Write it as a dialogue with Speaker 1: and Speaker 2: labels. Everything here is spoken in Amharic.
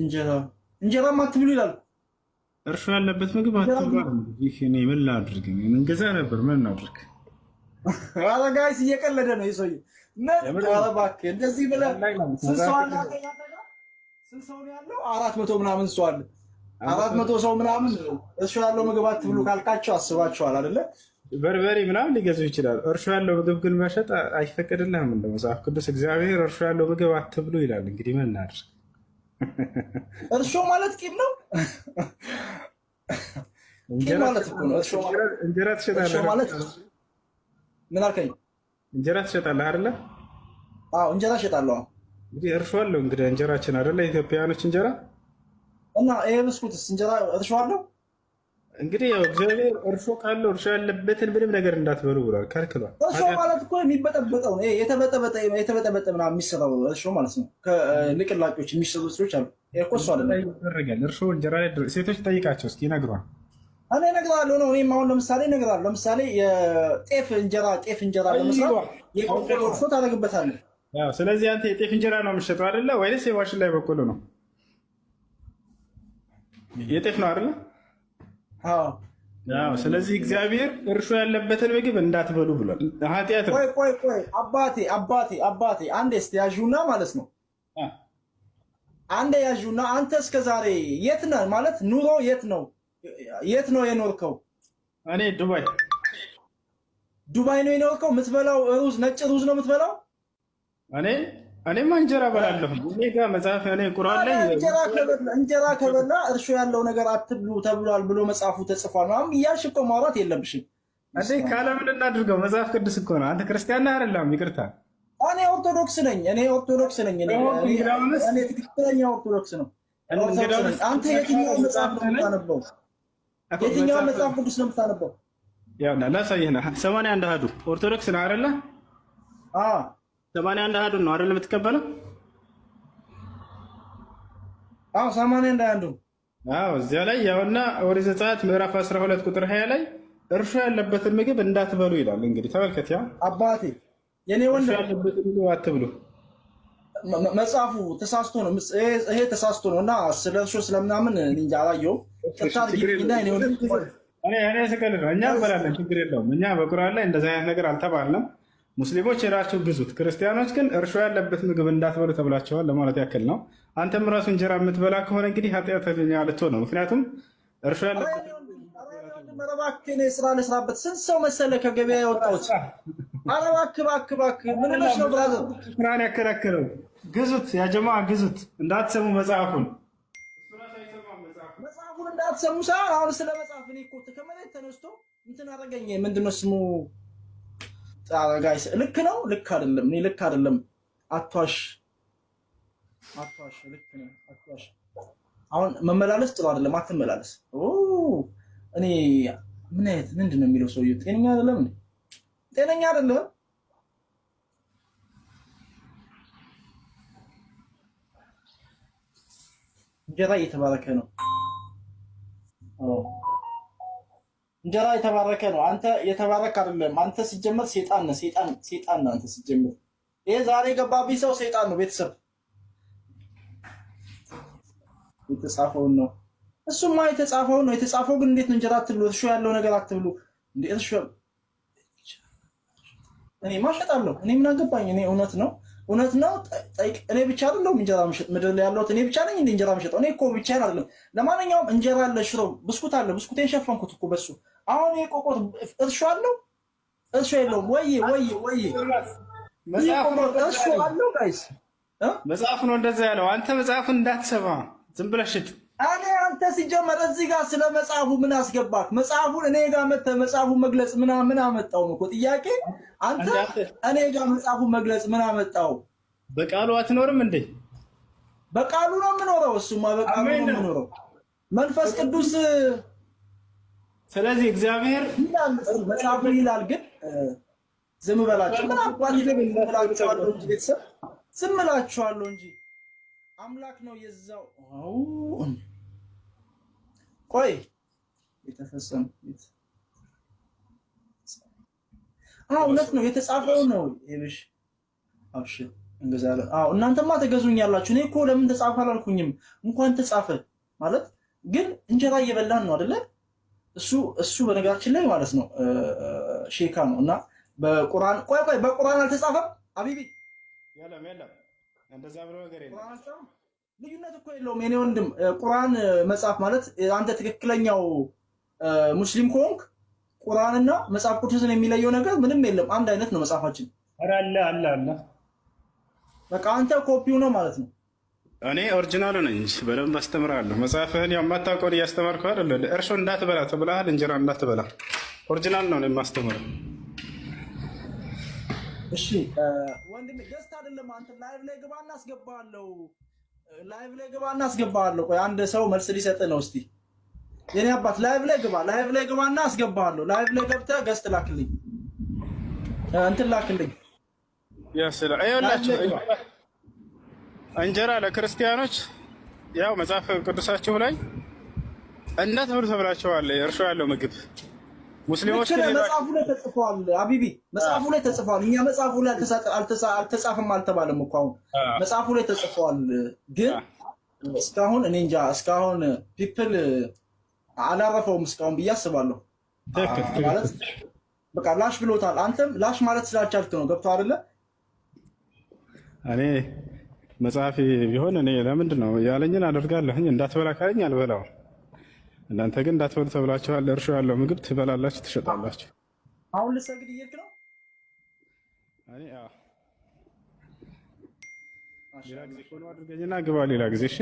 Speaker 1: እንጀራ እንጀራ ማትብሉ ይላሉ።
Speaker 2: እርሾ ያለበት ምግብ አትብሉ። ይህ እኔ ምን ላድርግ? እንገዛ ነበር ምን እናድርግ?
Speaker 1: ኧረ ጋይስ እየቀለደ ነው የሰውዬ። ኧረ እንደዚህ ብለህ ስንት ሰው ነው ያለው? አራት መቶ ምናምን ሰው አለ። አራት መቶ ሰው ምናምን እርሾ ያለው ምግብ አትብሉ ካልካቸው አስባችኋል አይደለ?
Speaker 2: በርበሬ ምናምን ሊገዙ ይችላል። እርሾ ያለው ምግብ ግን መሸጥ አይፈቀድልህም እንደ መጽሐፍ ቅዱስ። እግዚአብሔር እርሾ ያለው ምግብ አትብሉ ይላል። እንግዲህ ምን እናድርግ?
Speaker 1: እርሾ ማለት ቂም ነው። ቂም
Speaker 2: እንጀራ ትሸጣለህ ማለት ምን አልከኝ? እንጀራ ትሸጣለህ አይደለ?
Speaker 1: አዎ እንጀራ እሸጣለሁ።
Speaker 2: እንግዲህ እርሾ አለው እንግዲህ እንጀራችን አይደለ? ኢትዮጵያውያኖች እንጀራ
Speaker 1: እና ይሄ ብስኩትስ እንጀራ እርሾ አለው
Speaker 2: እንግዲህ ያው እግዚአብሔር እርሾ ካለው እርሾ ያለበትን ምንም ነገር እንዳትበሉ ብሏል፣ ከልክሏል።
Speaker 1: እርሾ ማለት እኮ የሚበጠበጠው የተበጠበጠ ምናምን የሚሰራው እርሾ ማለት ነው። ከንቅላቄዎች የሚሰሩ ሰዎች አሉ። እርቆሱ
Speaker 2: አለይደረጋል እርሾ እንጀራ ላይ ሴቶች ጠይቃቸው እስኪ ይነግሯል።
Speaker 1: እኔ እነግርሃለሁ ነው። እኔም አሁን ለምሳሌ እነግርሃለሁ። ለምሳሌ የጤፍ እንጀራ ጤፍ እንጀራ ለመስራት የቆሎ እርሾ ታደርግበታለህ።
Speaker 2: ስለዚህ አንተ የጤፍ እንጀራ ነው የምትሸጠው አይደለ? ወይስ የማሽን ላይ በቆሎ ነው? የጤፍ ነው አይደለ? ስለዚህ እግዚአብሔር እርሾ ያለበትን ምግብ እንዳትበሉ ብሏል። ኃጢአት
Speaker 1: ቆይ ቆይ ቆይ አባቴ አባቴ አባቴ አንዴ እስኪ ያዥውና ማለት ነው አንዴ ያዥውና አንተ እስከ ዛሬ የት ነህ ማለት ኑሮ የት ነው የት ነው የኖርከው? እኔ ዱባይ ዱባይ ነው የኖርከው። የምትበላው ሩዝ ነጭ ሩዝ ነው የምትበላው።
Speaker 2: እኔ እኔማ እንጀራ በላለሁ። እኔ ጋር መጽሐፍ ላይ ቁርአን ላይ
Speaker 1: እንጀራ ከበላ እርሾ ያለው ነገር አትብሉ ተብሏል ብሎ መጽሐፉ ተጽፏል ምናምን እያልሽ እኮ ማውራት የለብሽም
Speaker 2: እንዴ። ካለ ምን እናድርገው? መጽሐፍ ቅዱስ እኮ ነው። አንተ ክርስቲያን ነህ አይደለም? ይቅርታ፣
Speaker 1: እኔ ኦርቶዶክስ ነኝ። እኔ ኦርቶዶክስ ነኝ። እኔ ትክክለኛ ኦርቶዶክስ ነው። አንተ የትኛው መጽሐፍ ነው የምታነበው? የትኛው መጽሐፍ ቅዱስ ነው የምታነበው?
Speaker 2: ያው ላሳይህ ነው። ሰማንያ አንድ አሃዱ ኦርቶዶክስ ነህ አይደለ? አዎ ሰማንያ አንድ አህዱን ነው አይደል የምትቀበለው?
Speaker 1: አዎ ሰማንያ አንድ አህዱን።
Speaker 2: አዎ እዚያ ላይ ያውና ኦሪት ዘጸአት ምዕራፍ 12 ቁጥር 20 ላይ እርሾ ያለበትን ምግብ እንዳትበሉ ይላል። እንግዲህ ተመልከት፣ ያ
Speaker 1: አባቴ የኔ ወንድ
Speaker 2: ያለበት ምግብ አትብሉ።
Speaker 1: መጽሐፉ ተሳስቶ ነው፣ ይሄ ተሳስቶ ነው እና ስለ እርሾ ስለምናምን እንጃ አላየሁም። ጥታት ጊዜና የኔ ወንድ እኔ
Speaker 2: እኔ ነው። እኛ እንበላለን፣ ችግር የለውም። እኛ በቁርአን ላይ እንደዛ አይነት ነገር አልተባለም። ሙስሊሞች ሄዳችሁ ግዙት፣ ክርስቲያኖች ግን እርሾ ያለበት ምግብ እንዳትበሉ ተብላቸዋል ለማለት ያክል ነው። አንተም ራሱ እንጀራ የምትበላ ከሆነ እንግዲህ ኃጢአተኛ ልትሆን ነው። ምክንያቱም እርሾ ያለበት
Speaker 1: ስራ ልስራበት። ስንት ሰው መሰለ ከገበያ ያወጣሁት? ኧረ እባክህ እባክህ እባክህ ምን ነው ብራዘር?
Speaker 2: ስራን ያከራከረው ግዙት፣ ያጀማ ግዙት፣ እንዳትሰሙ መጽሐፉን
Speaker 1: መጽሐፉን እንዳትሰሙ ሳ አሁን ስለ መጽሐፍ እኔ እኮ ከመሬት ተነስቶ እንትን አደረገኝ። ምንድን ነው ስሙ ጋይስ ልክ ነው ልክ አይደለም? እኔ ልክ አይደለም። አቷሽ አቷሽ ልክ ነው አቷሽ። አሁን መመላለስ ጥሩ አይደለም። አትመላለስ። ኦ እኔ ምን አይነት ምንድን ነው የሚለው ሰውዬው? ጤነኛ አይደለም ጤነኛ አይደለም። እንጀራ እየተባረከ ነው እንጀራ የተባረከ ነው። አንተ የተባረክ አይደለም። አንተ ሲጀመር ሴጣን ነህ። ሴጣን ሴጣን ነህ አንተ ሲጀመር። ይሄ ዛሬ ገባብኝ ሰው ሴጣን ነው። ቤተሰብ የተጻፈውን ነው። እሱማ የተጻፈውን ነው። የተጻፈው ግን እንዴት ነው? እንጀራ አትብሉ፣ እርሾ ያለው ነገር አትብሉ። እንዴ እርሾ እኔ ማሸጣለሁ። እኔ ምን አገባኝ? እኔ እውነት ነው እውነት ነው። እኔ ብቻ አይደለሁም እንጀራ ምሸጥ ምድር ላይ ያለሁት እኔ ብቻ ነኝ። እንደ እንጀራ ምሸጥ እኔ እኮ ብቻ አይደለም። ለማንኛውም እንጀራ አለ፣ ሽሮ፣ ብስኩት አለ። ብስኩቴን ሸፈንኩት እኮ በሱ። አሁን የቆቆት እርሾ አለው እርሾ የለውም ወይ? ወይ ወይ እርሾ አለው ጋይስ፣
Speaker 2: መጽሐፍ ነው እንደዛ ያለው። አንተ መጽሐፍን እንዳትሰማ ዝም ብለህ ሽጥ።
Speaker 1: እኔ አንተ ሲጀመር እዚህ ጋር ስለ መጽሐፉ ምን አስገባክ? መጽሐፉን እኔ ጋር መተህ መጽሐፉን መግለጽ ምን ምን አመጣው ነው እኮ ጥያቄ። አንተ እኔ ጋር መጽሐፉን መግለጽ ምን አመጣው?
Speaker 2: በቃሉ አትኖርም እንዴ?
Speaker 1: በቃሉ ነው የምኖረው። እሱማ በቃሉ ነው የምኖረው። መንፈስ ቅዱስ
Speaker 2: ስለዚህ እግዚአብሔር
Speaker 1: መጽሐፉን ይላል። ግን ዝም በላቸው ምን አባል ይደብላቸዋለሁ እንጂ ቤተሰብ ዝም እላቸዋለሁ እንጂ አምላክ ነው የዛው አው ቆይ እውነት ነው የተጻፈው ነው። ይብሽ አብሽ እንገዛለን። አዎ እናንተማ ተገዙኝ ያላችሁ። እኔ እኮ ለምን ተጻፈ አላልኩኝም። እንኳን ተጻፈ ማለት ግን እንጀራ እየበላን ነው አይደለ? እሱ እሱ በነገራችን ላይ ማለት ነው ሼካ ነው እና በቁርአን ቆይ ቆይ በቁርአን አልተጻፈም። አቢቢ
Speaker 2: የለም የለም፣ እንደዛ ብሎ ነገር
Speaker 1: የለም። ልዩነት እኮ የለውም የኔ ወንድም። ቁርአን መጽሐፍ ማለት አንተ ትክክለኛው ሙስሊም ከሆንክ ቁርአንና መጽሐፍ ቅዱስን የሚለየው ነገር ምንም የለም። አንድ አይነት ነው መጽሐፋችን።
Speaker 2: ኧረ አለ አለ አለ።
Speaker 1: በቃ አንተ ኮፒው ነው ማለት ነው።
Speaker 2: እኔ ኦሪጂናሉ ነኝ እንጂ በደንብ አስተምራለሁ። መጽሐፍህን ያው የማታውቀውን እያስተማርኩ አይደለ? እርሾ እንዳትበላ ተብለሃል፣ እንጀራ እንዳትበላ። ኦሪጂናል ነው የማስተምረው።
Speaker 1: እሺ ወንድም ደስታ አይደለም። አንተ ላይቭ ላይ ግባ እናስገባለሁ ላይቭ ላይ ግባ እና አስገባሃለሁ። ቆይ አንድ ሰው መልስ ሊሰጥ ነው። እስቲ የኔ አባት ላይቭ ላይ ግባ፣ ላይቭ ላይ ግባ እና አስገባሃለሁ። ላይቭ ላይ ገብተህ ገስት ላክልኝ፣ እንትን ላክልኝ።
Speaker 2: አይወላችሁ እንጀራ ለክርስቲያኖች ያው መጽሐፍ ቅዱሳችሁ ላይ እንዳትብሉ ተብላችኋል። እርሾ ያለው ምግብ ሙስሊሞች
Speaker 1: መጽሐፉ ላይ ተጽፏል። አቢቢ መጽሐፉ ላይ ተጽፏል። እኛ መጽሐፉ ላይ አልተጻፈም አልተባለም እኮ አሁን መጽሐፉ ላይ ተጽፏል። ግን እስካሁን እኔ እንጃ እስካሁን ፒፕል አላረፈውም እስካሁን ብዬ አስባለሁ። ማለት በቃ ላሽ ብሎታል። አንተም ላሽ ማለት ስላልቻልክ ነው። ገብቶ አይደለ?
Speaker 2: እኔ መጽሐፊ ቢሆን እኔ ለምንድን ነው ያለኝን አደርጋለሁኝ። እንዳትበላ ካለኝ አልበላው እናንተ ግን እንዳትበሉ ተብላችኋል። እርሾ ያለው ምግብ ትበላላችሁ፣ ትሸጣላችሁ።
Speaker 1: አሁን ልትሰግድ እየሄድክ ነው?
Speaker 2: ሌላ ጊዜ ሆኖ አድርገኝና ግባ ሌላ ጊዜ እሺ።